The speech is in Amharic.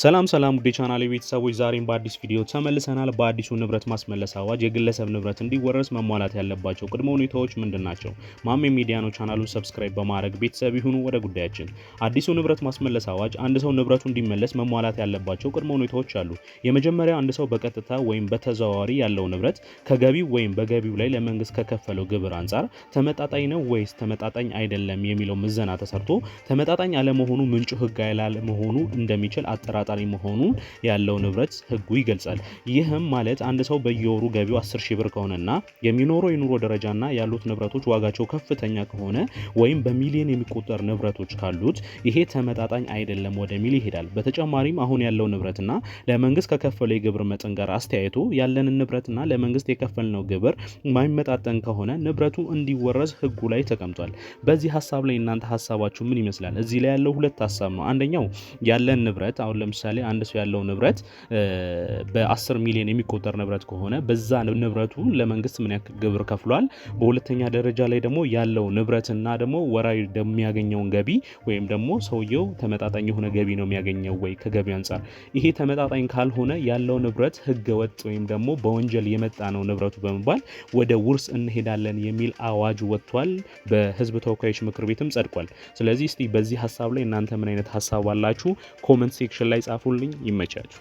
ሰላም ሰላም ውዴ ቻናል ቤተሰቦች፣ ዛሬም በአዲስ ቪዲዮ ተመልሰናል። በአዲሱ ንብረት ማስመለስ አዋጅ የግለሰብ ንብረት እንዲወረስ መሟላት ያለባቸው ቅድመ ሁኔታዎች ምንድን ናቸው? ማሜ ሚዲያ ነው። ቻናሉን ሰብስክራይብ በማድረግ ቤተሰብ ይሁኑ። ወደ ጉዳያችን። አዲሱ ንብረት ማስመለስ አዋጅ አንድ ሰው ንብረቱ እንዲመለስ መሟላት ያለባቸው ቅድመ ሁኔታዎች አሉ። የመጀመሪያ አንድ ሰው በቀጥታ ወይም በተዘዋዋሪ ያለው ንብረት ከገቢው ወይም በገቢው ላይ ለመንግስት ከከፈለው ግብር አንጻር ተመጣጣኝ ነው ወይስ ተመጣጣኝ አይደለም የሚለው ምዘና ተሰርቶ ተመጣጣኝ አለመሆኑ ምንጩ ህግ ያላለመሆኑ እንደሚችል አጠራ ተጠራጣሪ መሆኑን ያለው ንብረት ህጉ ይገልጻል። ይህም ማለት አንድ ሰው በየወሩ ገቢው 10 ሺህ ብር ከሆነና የሚኖረው የኑሮ ደረጃና ያሉት ንብረቶች ዋጋቸው ከፍተኛ ከሆነ ወይም በሚሊዮን የሚቆጠር ንብረቶች ካሉት ይሄ ተመጣጣኝ አይደለም ወደሚል ይሄዳል። በተጨማሪም አሁን ያለው ንብረትና ለመንግስት ከከፈለው የግብር መጠን ጋር አስተያየቱ ያለንን ንብረትና ለመንግስት የከፈልነው ግብር ማይመጣጠን ከሆነ ንብረቱ እንዲወረስ ህጉ ላይ ተቀምጧል። በዚህ ሀሳብ ላይ እናንተ ሀሳባችሁ ምን ይመስላል? እዚህ ላይ ያለው ሁለት ሀሳብ ነው። አንደኛው ያለን ንብረት አሁን ለምሳሌ አንድ ሰው ያለው ንብረት በ10 ሚሊዮን የሚቆጠር ንብረት ከሆነ በዛ ንብረቱ ለመንግስት ምን ያክል ግብር ከፍሏል። በሁለተኛ ደረጃ ላይ ደግሞ ያለው ንብረትና ደግሞ ወራዊ የሚያገኘውን ገቢ ወይም ደግሞ ሰውየው ተመጣጣኝ የሆነ ገቢ ነው የሚያገኘው ወይ ከገቢ አንጻር። ይሄ ተመጣጣኝ ካልሆነ ያለው ንብረት ህገ ወጥ ወይም ደግሞ በወንጀል የመጣ ነው ንብረቱ በመባል ወደ ውርስ እንሄዳለን የሚል አዋጅ ወጥቷል። በህዝብ ተወካዮች ምክር ቤትም ጸድቋል። ስለዚህ እስቲ በዚህ ሀሳብ ላይ እናንተ ምን አይነት ሀሳብ አላችሁ? ኮመንት ሴክሽን ላይ ላይ ጻፉልኝ። ይመቻችሁ።